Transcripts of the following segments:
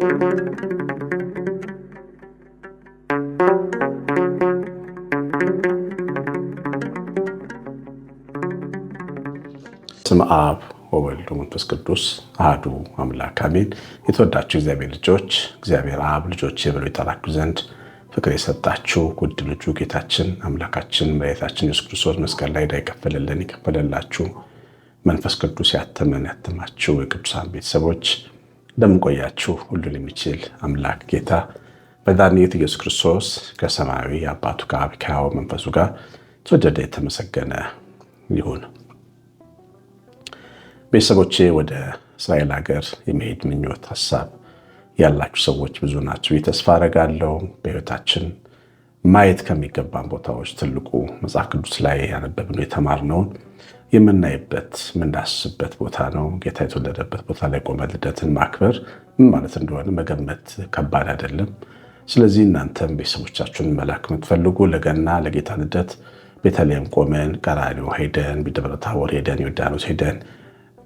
ስም አብ ወወልድ ወመንፈስ ቅዱስ አህዱ አምላክ አሜን። የተወዳችሁ እግዚአብሔር ልጆች እግዚአብሔር አብ ልጆች ብሎ ይጠራችሁ ዘንድ ፍቅር የሰጣችሁ ውድ ልጁ ጌታችን አምላካችን መድኃኒታችን ኢየሱስ ክርስቶስ መስቀል ላይ ዕዳ የከፈለልን የከፈለላችሁ መንፈስ ቅዱስ ያተመን ያተማችሁ የቅዱሳን ቤተሰቦች እንደምንቆያችሁ ሁሉን የሚችል አምላክ ጌታ በዳንኤት ኢየሱስ ክርስቶስ ከሰማያዊ አባቱ ጋር ከሕያው መንፈሱ ጋር ተወደደ የተመሰገነ ይሁን። ቤተሰቦቼ ወደ እስራኤል ሀገር የመሄድ ምኞት ሀሳብ ያላችሁ ሰዎች ብዙ ናቸው። የተስፋ አደርጋለሁ በህይወታችን ማየት ከሚገባን ቦታዎች ትልቁ መጽሐፍ ቅዱስ ላይ ያነበብነው የተማርነውን የምናይበት የምናስበት ቦታ ነው። ጌታ የተወለደበት ቦታ ላይ ቆመ ልደትን ማክበር ምን ማለት እንደሆነ መገመት ከባድ አይደለም። ስለዚህ እናንተም ቤተሰቦቻችሁን መላክ የምትፈልጉ ለገና ለጌታ ልደት ቤተልሔም ቆመን ቀራንዮ ሄደን ደብረ ታቦር ሄደን ዮርዳኖስ ሄደን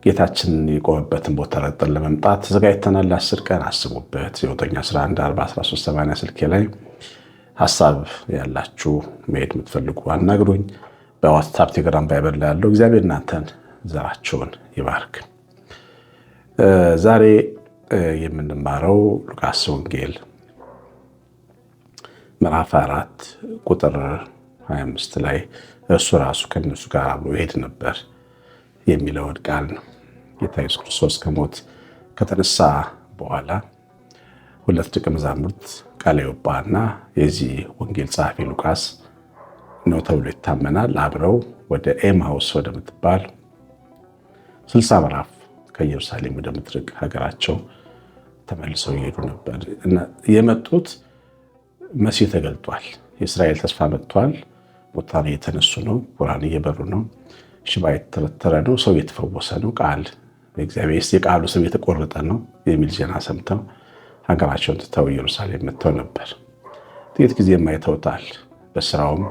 ጌታችን የቆመበትን ቦታ ረጠን ለመምጣት ተዘጋጅተናል። ለአስር ቀን አስቡበት። የወጠኛ 11 43 80 ስልኬ ላይ ሀሳብ ያላችሁ መሄድ የምትፈልጉ አናግሩኝ። በዋትሳፕ ቴሌግራም፣ ባይበር ላይ ያለው እግዚአብሔር እናንተን ዘራችሁን ይባርክ። ዛሬ የምንማረው ሉቃስ ወንጌል ምዕራፍ አራት ቁጥር 25 ላይ እሱ ራሱ ከነሱ ጋር አብሮ ይሄድ ነበር የሚለውን ቃል ነው። ጌታ ኢየሱስ ክርስቶስ ከሞት ከተነሳ በኋላ ሁለት ደቀ መዛሙርት ቀለዮጳና የዚህ ወንጌል ጸሐፊ ሉቃስ ነው ተብሎ ይታመናል። አብረው ወደ ኤማውስ ወደምትባል ስልሳ ምዕራፍ ከኢየሩሳሌም ወደምትርቅ ሀገራቸው ተመልሰው ይሄዱ ነበር። የመጡት መሲህ ተገልጧል፣ የእስራኤል ተስፋ መጥቷል፣ ሙታን እየተነሱ ነው፣ ቁራን እየበሩ ነው፣ ሽባ የተተረተረ ነው፣ ሰው እየተፈወሰ ነው፣ ቃል እግዚአብሔር የቃሉ ሰው የተቆረጠ ነው የሚል ዜና ሰምተው ሀገራቸውን ትተው ኢየሩሳሌም መጥተው ነበር። ጥቂት ጊዜ አይተውታል። በስራውም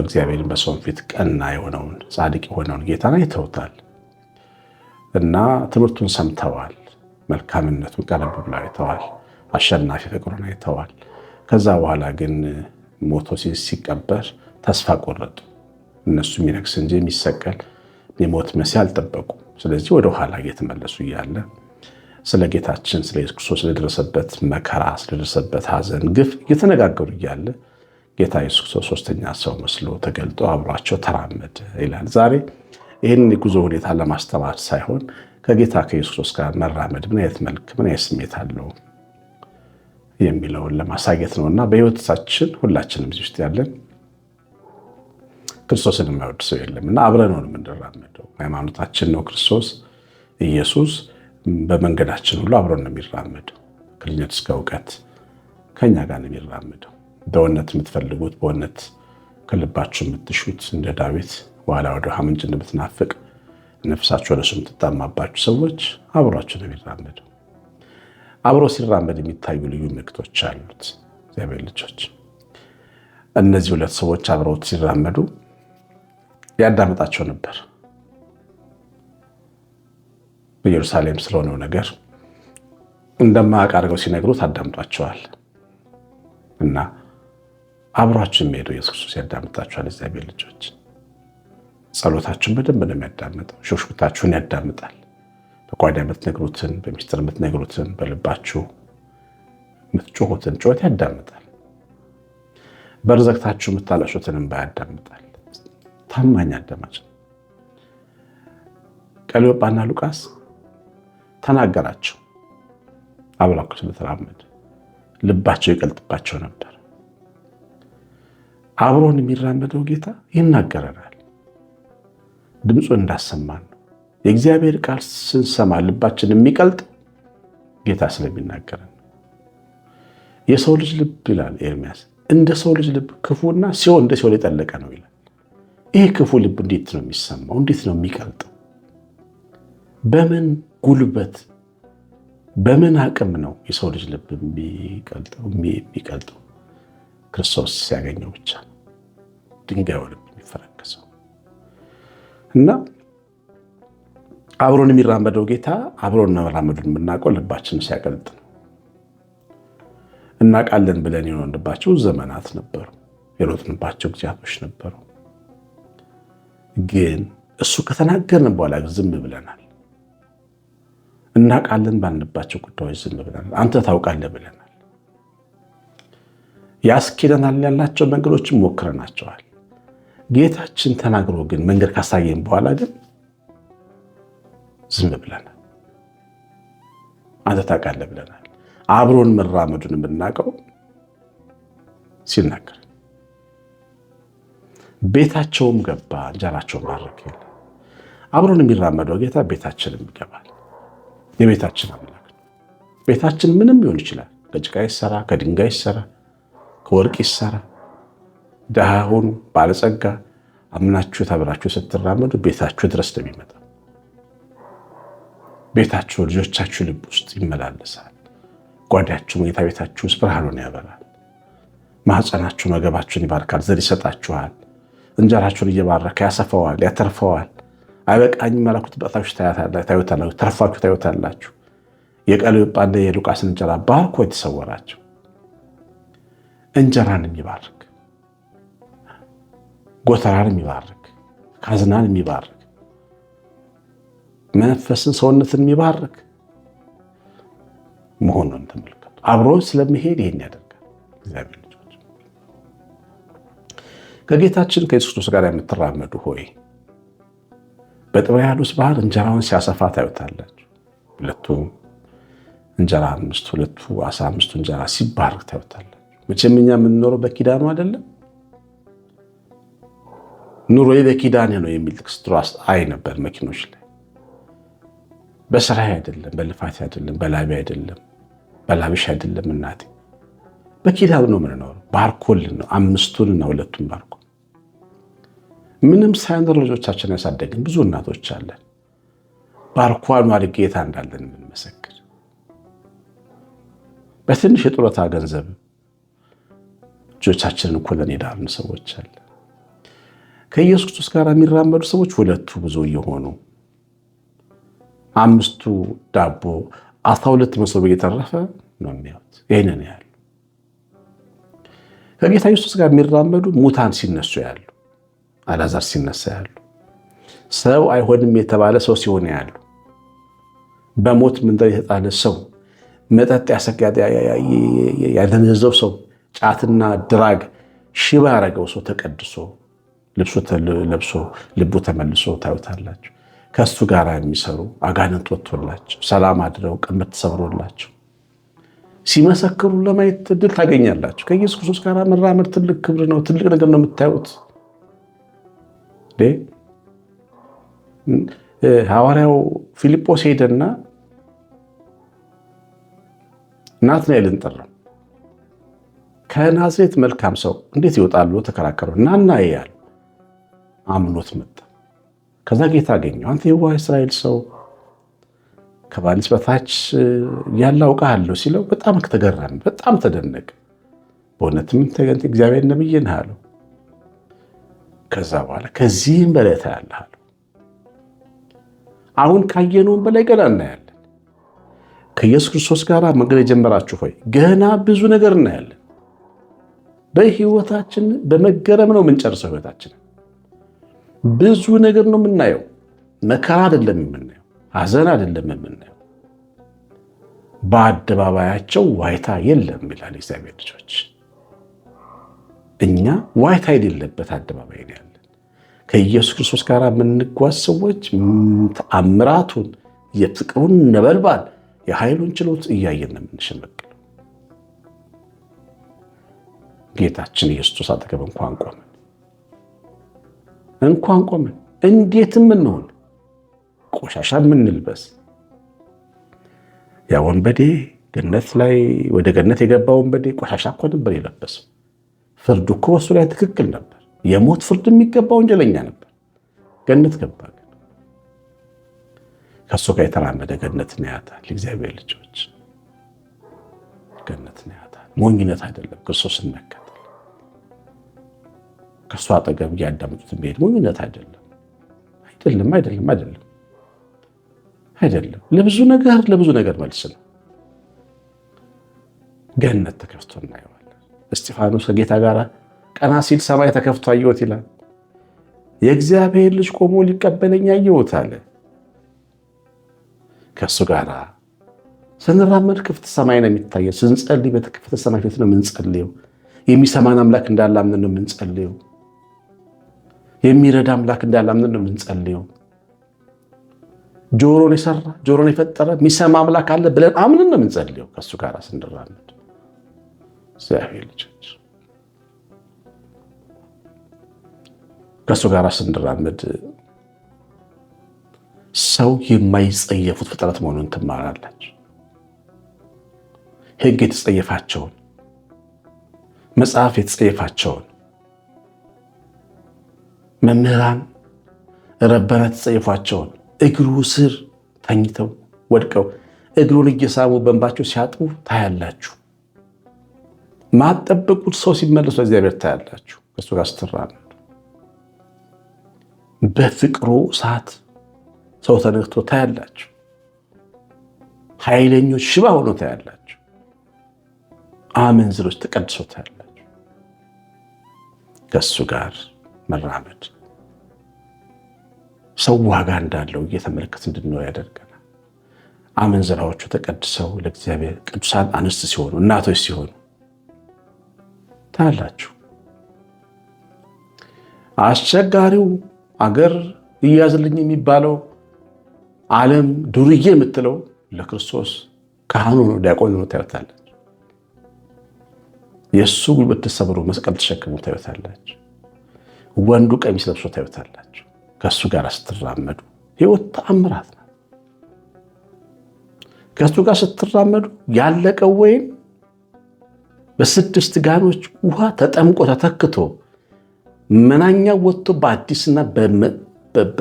በእግዚአብሔር በሰው ፊት ቀና የሆነውን ጻድቅ የሆነውን ጌታን አይተውታል እና ትምህርቱን ሰምተዋል። መልካምነቱን ቀረብ ብለው አይተዋል። አሸናፊ ፍቅሩን አይተዋል። ከዛ በኋላ ግን ሞቶ ሲቀበር ተስፋ ቆረጡ። እነሱ የሚነግስ እንጂ የሚሰቀል የሞት መሲህ አልጠበቁ። ስለዚህ ወደ ኋላ እየተመለሱ እያለ ስለ ጌታችን ስለ ኢየሱስ ክርስቶስ ስለደረሰበት መከራ ስለደረሰበት ሐዘን፣ ግፍ እየተነጋገሩ እያለ ጌታ ኢየሱስ ክርስቶስ ሶስተኛ ሰው መስሎ ተገልጦ አብሯቸው ተራመደ ይላል። ዛሬ ይህን የጉዞ ሁኔታ ለማስተማር ሳይሆን ከጌታ ከኢየሱስ ክርስቶስ ጋር መራመድ ምን አይነት መልክ ምን አይነት ስሜት አለው የሚለውን ለማሳየት ነው እና በህይወታችን ሁላችንም እዚህ ውስጥ ያለን ክርስቶስን የማይወድ ሰው የለም እና አብረን ነው የምንራመደው። ሃይማኖታችን ነው ክርስቶስ ኢየሱስ። በመንገዳችን ሁሉ አብረን ነው የሚራመደው። ከልጅነት እስከ እውቀት ከኛ ጋር ነው የሚራመደው። በእውነት የምትፈልጉት በእውነት ከልባችሁ የምትሹት እንደ ዳዊት ኋላ ወደ ውሃ ምንጭ እንደምትናፍቅ ነፍሳችሁ ወደ እሱ ሰዎች አብሯችሁ ነው የሚራመዱ። አብሮ ሲራመድ የሚታዩ ልዩ ምልክቶች አሉት። እግዚአብሔር ልጆች፣ እነዚህ ሁለት ሰዎች አብረውት ሲራመዱ ያዳመጣቸው ነበር። በኢየሩሳሌም ስለሆነው ነገር እንደማያውቅ አድርገው ሲነግሩት አዳምጧቸዋል እና አብሯችን የሚሄደው ኢየሱስ ክርስቶስ ያዳምጣችኋል። እግዚአብሔር ልጆች ጸሎታችሁን በደንብ ነው የሚያዳምጠው። ሹክሹክታችሁን ያዳምጣል። በጓዳ የምትነግሩትን፣ በሚስጥር የምትነግሩትን፣ በልባችሁ የምትጮሁትን ጩኸት ያዳምጣል። በርዘግታችሁ የምታለቅሱትን እንባ ያዳምጣል። ታማኝ አዳማጭ ነው። ቀለዮጳና ሉቃስ ተናገራቸው። አብራኩ ስለተራመደ ልባቸው ይቀልጥባቸው ነበር። አብሮን የሚራመደው ጌታ ይናገረናል። ድምፁ እንዳሰማን ነው። የእግዚአብሔር ቃል ስንሰማ ልባችን የሚቀልጥ ጌታ ስለሚናገረን የሰው ልጅ ልብ ይላል ኤርሚያስ እንደ ሰው ልጅ ልብ ክፉና ሲሆን እንደ ሲሆን የጠለቀ ነው ይላል። ይህ ክፉ ልብ እንዴት ነው የሚሰማው? እንዴት ነው የሚቀልጠው? በምን ጉልበት በምን አቅም ነው የሰው ልጅ ልብ የሚቀልጠው? ክርስቶስ ሲያገኘው ብቻ ነው ድንጋዩ ልብ የሚፈረከሰው እና አብሮን የሚራመደው ጌታ አብሮን መራመዱን የምናውቀው ልባችን ሲያቀልጥ ነው። እናውቃለን ብለን የሆንባቸው ዘመናት ነበሩ፣ የሮጥንባቸው ጊዜያቶች ነበሩ። ግን እሱ ከተናገርን በኋላ ዝም ብለናል። እናውቃለን ባልንባቸው ጉዳዮች ዝም ብለናል። አንተ ታውቃለህ ብለን ያስኬደናል ያላቸው መንገዶችን ሞክረናቸዋል። ጌታችን ተናግሮ ግን መንገድ ካሳየን በኋላ ግን ዝም ብለናል። አንተ ታውቃለህ ብለናል። አብሮን መራመዱን የምናውቀው ሲናገር ቤታቸውም ገባ እንጀራቸው ማድረግ የለ አብሮን የሚራመደው ጌታ ቤታችንም ይገባል። የቤታችን አምላክ ቤታችን ምንም ሊሆን ይችላል። ከጭቃ ይሰራ፣ ከድንጋይ ይሰራ ከወርቅ ይሰራ። ድሃ ሁኑ ባለጸጋ፣ አምናችሁ ተብላችሁ ስትራመዱ ቤታችሁ ድረስ ነው የሚመጣው። ቤታችሁ ልጆቻችሁ ልብ ውስጥ ይመላለሳል። ጓዳችሁ መኝታ ቤታችሁ ውስጥ ብርሃኑን ያበራል። ማህፀናችሁ መገባችሁን ይባርካል፣ ዘር ይሰጣችኋል። እንጀራችሁን እየባረከ ያሰፋዋል፣ ያተርፈዋል። አይበቃኝ መለኩት በታች ታዩታላችሁ፣ ተርፋችሁ ታዩታላችሁ። የቀለዮጳና የሉቃስን እንጀራ ባርኮ የተሰወራቸው እንጀራን የሚባርክ ጎተራን የሚባርክ ካዝናን የሚባርክ መንፈስን ሰውነትን የሚባርክ መሆኑን ተመልከቱ። አብሮ ስለመሄድ ይሄን ያደርጋል። እግዚአብሔር ልጆች ከጌታችን ከኢየሱስ ክርስቶስ ጋር የምትራመዱ ሆይ በጥብርያዶስ ባህር እንጀራውን ሲያሰፋ ታዩታላችሁ። ሁለቱ እንጀራ አምስቱ ሁለቱ አሳ አምስቱ እንጀራ ሲባርክ ታዩታላችሁ። መቼም እኛ የምንኖረው በኪዳኑ አይደለም ኑሮዬ በኪዳን ነው የሚል ጥቅስ ድሮ አይ ነበር መኪኖች ላይ። በስራዬ አይደለም፣ በልፋት አይደለም፣ በላቢ አይደለም፣ በላብሽ አይደለም እናቴ በኪዳኑ ነው የምንኖረው። ባርኮልን ነው አምስቱን እና ሁለቱን ባርኮ ምንም ሳይኖር ልጆቻችን ያሳደግን ብዙ እናቶች አለን። ባርኮ አኗሪ ጌታ እንዳለን የምንመሰክር በትንሽ የጡረታ ገንዘብ እጆቻችንን ኩለን የዳርን ሰዎች አለ። ከኢየሱስ ክርስቶስ ጋር የሚራመዱ ሰዎች ሁለቱ ብዙ እየሆኑ አምስቱ ዳቦ አስራ ሁለት መሶብ እየተረፈ ነው የሚያዩት። ይህንን ያሉ ከጌታ ኢየሱስ ጋር የሚራመዱ ሙታን ሲነሱ ያሉ፣ አላዛር ሲነሳ ያሉ፣ ሰው አይሆንም የተባለ ሰው ሲሆን ያሉ፣ በሞት ምንደር የተጣለ ሰው፣ መጠጥ ያደነዘዘው ሰው ጫትና ድራግ ሽባ ያረገው ሰው ተቀድሶ ልብሱ ለብሶ ልቡ ተመልሶ ታዩታላቸው። ከእሱ ጋር የሚሰሩ አጋንንት ወጥቶላቸው ሰላም አድረው ቅምት ሰብሮላቸው ሲመሰክሩ ለማየት እድል ታገኛላችሁ። ከኢየሱስ ክርስቶስ ጋር መራመድ ትልቅ ክብር ነው። ትልቅ ነገር ነው የምታዩት። ሐዋርያው ፊልጶስ ሄደና ናትናኤልን ጠራው። ከናዝሬት መልካም ሰው እንዴት ይወጣል ብሎ ተከራከሩ። እናና ያል አምኖት መጣ። ከዛ ጌታ አገኘው። አንተ የዋህ እስራኤል ሰው ከባሊስ በታች ያለ አውቃለሁ ሲለው በጣም ተገረመ፣ በጣም ተደነቀ። በእውነትም ተገንት እግዚአብሔር ነብይ ነህ አለው። ከዛ በኋላ ከዚህም በላይ ታያለህ አለው። አሁን ካየነውን በላይ ገና እናያለን። ከኢየሱስ ክርስቶስ ጋር መንገድ የጀመራችሁ ሆይ ገና ብዙ ነገር እናያለን። በህይወታችን በመገረም ነው የምንጨርሰው። ህይወታችን ብዙ ነገር ነው የምናየው። መከራ አይደለም የምናየው፣ ሀዘን አይደለም የምናየው። በአደባባያቸው ዋይታ የለም ይላል እግዚአብሔር ልጆች። እኛ ዋይታ የሌለበት አደባባይ ነው ያለን። ከኢየሱስ ክርስቶስ ጋር የምንጓዝ ሰዎች ተአምራቱን፣ የፍቅሩን ነበልባል፣ የኃይሉን ችሎት እያየን ነው የምንሸመቀ ጌታችን ኢየሱስ አጠገብ እንኳን ቆምን እንኳን ቆምን። እንዴት ምንሆን ቆሻሻ የምንልበስ ያ ወንበዴ ገነት ላይ ወደ ገነት የገባ ወንበዴ ቆሻሻ እኮ ነበር የለበሰው። ፍርዱ እኮ በሱ ላይ ትክክል ነበር። የሞት ፍርድ የሚገባ ወንጀለኛ ነበር። ገነት ገባ። ከእሱ ጋር የተራመደ ገነት ያያታል። እግዚአብሔር ልጆች ገነት ያያታል። ሞኝነት አይደለም ክርስቶስ ነካ ከእሱ አጠገብ እያዳምጡት የሚሄድ ሞኝነት አይደለም። አይደለም፣ አይደለም፣ አይደለም፣ አይደለም። ለብዙ ነገር ለብዙ ነገር መልስ ነው። ገነት ተከፍቶ እናየዋለን። እስጢፋኖስ ከጌታ ጋር ቀና ሲል ሰማይ ተከፍቶ አየሁት ይላል። የእግዚአብሔር ልጅ ቆሞ ሊቀበለኝ አየሁት አለ። ከእሱ ጋር ስንራመድ ክፍት ሰማይ ነው የሚታየው። ስንጸልይ በተከፈተ ሰማይ ፊት ነው የምንጸልየው። የሚሰማን አምላክ እንዳላምን ነው የምንጸልየው። የሚረዳ አምላክ እንዳላምን ነው የምንጸልየው። ጆሮን የሰራ ጆሮን የፈጠረ የሚሰማ አምላክ አለ ብለን አምን ነው የምንጸልየው። ከእሱ ጋር ስንራመድ እግዚአብሔር ልጆች ከእሱ ጋር ስንራመድ ሰው የማይጸየፉት ፍጥረት መሆኑን ትማራለች። ሕግ የተጸየፋቸውን መጽሐፍ የተጸየፋቸውን መምህራን ረበና ተጸይፏቸውን እግሩ ስር ተኝተው ወድቀው እግሩን እየሳሙ በንባቸው ሲያጥቡ ታያላችሁ። ማጠበቁት ሰው ሲመለሱ እግዚአብሔር ታያላችሁ። ከሱ ጋር ስትራመዱ በፍቅሩ እሳት ሰው ተነክቶ ታያላችሁ። ኃይለኞች ሽባ ሆኖ ታያላችሁ። አመንዝሮች ተቀድሶ ታያላችሁ ከሱ ጋር መራመድ ሰው ዋጋ እንዳለው እየተመለከት እንድንኖር ያደርገናል። አመንዝራዎቹ ተቀድሰው ለእግዚአብሔር ቅዱሳን አንስት ሲሆኑ እናቶች ሲሆኑ ታያላችሁ። አስቸጋሪው አገር እያዝልኝ የሚባለው ዓለም ዱርዬ የምትለው ለክርስቶስ ካህኑ ነው፣ ዲያቆን ነው ታዩታለች። የእሱ ጉልበት ተሰብሮ መስቀል ተሸክሞ ታዩታለች። ወንዱ ቀሚስ ለብሶ ታዩታላችሁ። ከእሱ ጋር ስትራመዱ ህይወት ተአምራት ናት። ከእሱ ጋር ስትራመዱ ያለቀው ወይም በስድስት ጋኖች ውሃ ተጠምቆ ተተክቶ መናኛ ወጥቶ በአዲስና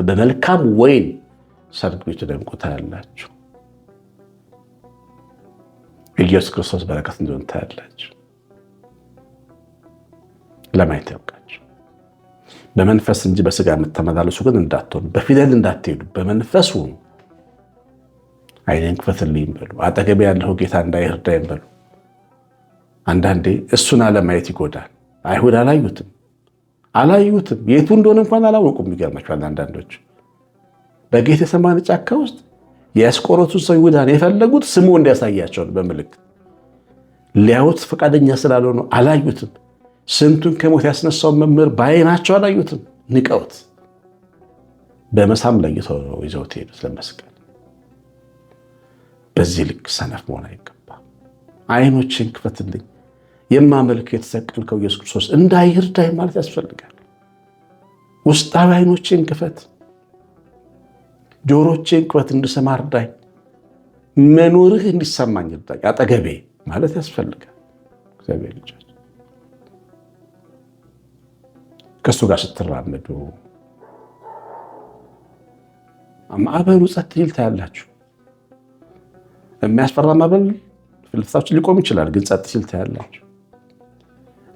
በመልካም ወይን ሰርግ ቤቱ ደምቆ ታያላችሁ። ኢየሱስ ክርስቶስ በረከት እንደሆነ ታያላችሁ። ለማየት በመንፈስ እንጂ በስጋ የምትመላለሱ ግን እንዳትሆኑ፣ በፊደል እንዳትሄዱ፣ በመንፈስ ሁኑ። ዓይኔን ክፈትልኝ በሉ። አጠገቤ ያለው ጌታ እንዳይርዳኝ በሉ። አንዳንዴ እሱን አለማየት ይጎዳል። አይሁድ አላዩትም አላዩትም የቱ እንደሆነ እንኳን አላወቁም። ይገርማችኋል። አንዳንዶች በጌት ሰማኒ ጫካ ውስጥ የአስቆሮቱን ሰው ይሁዳን የፈለጉት ስሙ እንዲያሳያቸው በምልክት ሊያዩት ፈቃደኛ ስላልሆኑ አላዩትም። ስንቱን ከሞት ያስነሳው መምህር በአይናቸው አላዩትም። ንቀውት በመሳም ለይቶ ነው ይዘውት ሄዱት ለመስቀል። በዚህ ልክ ሰነፍ መሆን አይገባም። አይኖችን ክፈትልኝ የማመልክ የተሰቀልከው ኢየሱስ ክርስቶስ እንዳይ ማለት ያስፈልጋል። ውስጣዊ አይኖችን ክፈት፣ ጆሮቼን ክፈት እንድሰማ እርዳኝ፣ መኖርህ እንዲሰማኝ እርዳኝ፣ አጠገቤ ማለት ያስፈልጋል። እግዚአብሔር ልጅ ከእሱ ጋር ስትራመዱ ማዕበሉ ጸጥ ይል ታያላችሁ። የሚያስፈራ ማዕበል ፍልፍታችን ሊቆም ይችላል፣ ግን ጸጥ ሲል ታያላችሁ።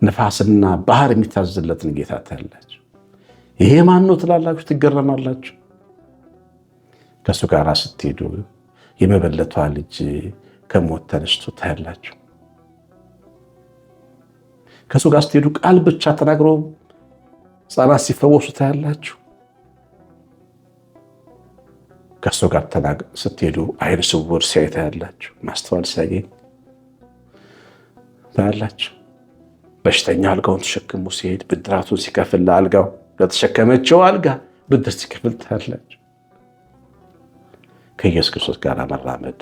ነፋስና ባህር የሚታዘዝለትን ጌታ ታያላችሁ። ይሄ ማን ነው ትላላችሁ፣ ትገረማላችሁ። ከእሱ ጋር ስትሄዱ የመበለቷ ልጅ ከሞት ተነስቶ ታያላችሁ። ከእሱ ጋር ስትሄዱ ቃል ብቻ ተናግረው? ሕፃናት ሲፈወሱ ታያላችሁ። ከእሱ ጋር ተናግ ስትሄዱ አይን ስውር ሲያይ ታያላችሁ። ማስተዋል ሲያገኝ ታያላችሁ። በሽተኛ አልጋውን ተሸክሙ ሲሄድ ብድራቱን ሲከፍል ለአልጋው ለተሸከመችው አልጋ ብድር ሲከፍል ታያላችሁ። ከኢየሱስ ክርስቶስ ጋር መራመድ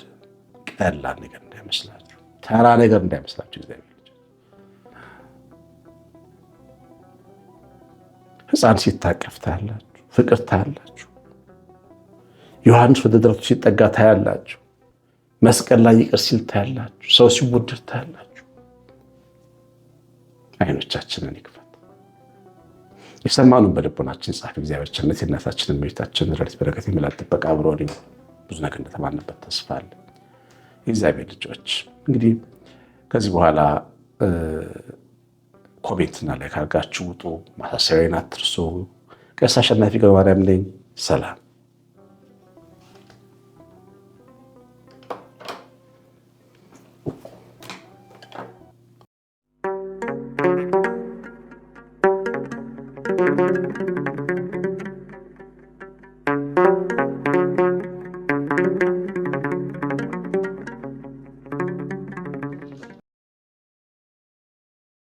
ቀላል ነገር እንዳይመስላችሁ፣ ተራ ነገር እንዳይመስላችሁ እግዚአብሔር ህፃን ሲታቀፍ ታያላችሁ፣ ፍቅር ታያላችሁ። ዮሐንስ ወደ ደረቱ ሲጠጋ ታያላችሁ። መስቀል ላይ ይቅር ሲል ታያላችሁ። ሰው ሲወደድ ታያላችሁ። አይኖቻችንን ይክፈት። የሰማኑን በልቦናችን ጻፍ። እግዚአብሔር ቸርነት የእናታችንን እመቤታችንን ረድኤት በረከት ይምላል ጥበቃ አብሮን ብዙ ነገር እንደተማርንበት ተስፋ አለ። የእግዚአብሔር ልጆች እንግዲህ ከዚህ በኋላ ኮሜንትና ላይክ አድርጋችሁ ውጡ። ማሳሰቢያዊን አትርሱ። ቀሲስ አሸናፊ ገብረማርያም ነኝ። ሰላም